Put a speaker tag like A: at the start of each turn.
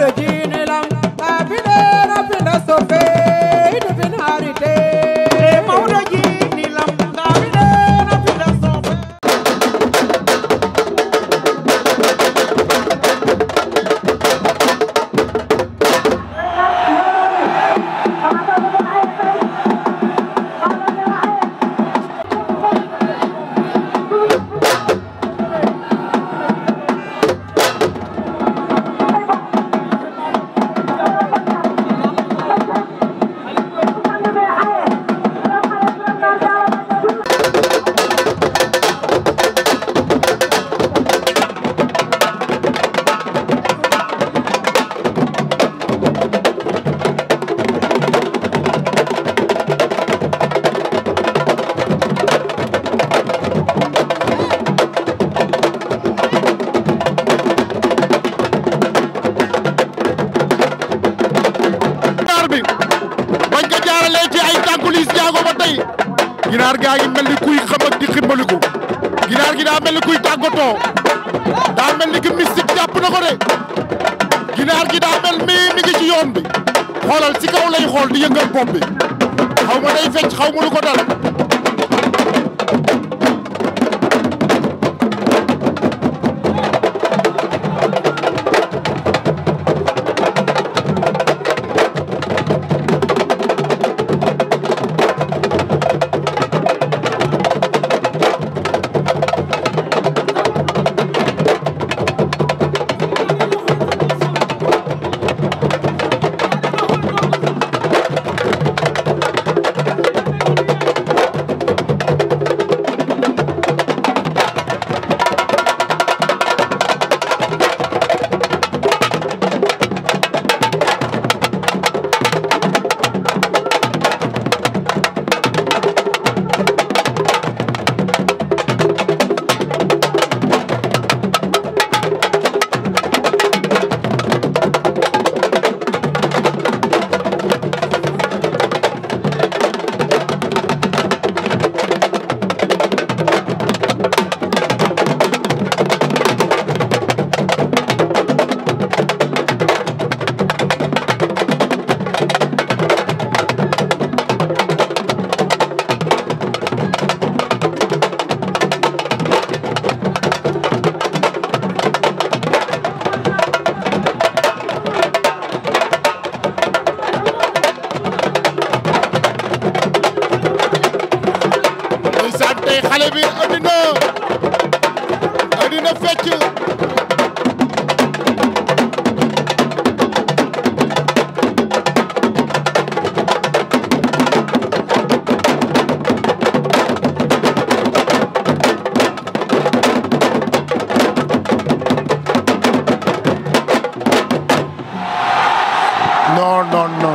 A: do jinilam abide na pinda sofe
B: naa ko ba tey ginaar gaa ngi mel ni kuy xam ak di ximbaliku ginaar gi daa mel ni kuy tàggatoo daa mel ni ki mystique jàpp na ko de ginaar gi daa mel mi mi ngi ci yoon bi xoolal ci kaw lay xool di yëngal bopp bi xaw ma day fecc xaw ma ko dal.
C: xale bi andi na andi na fecc
D: non non non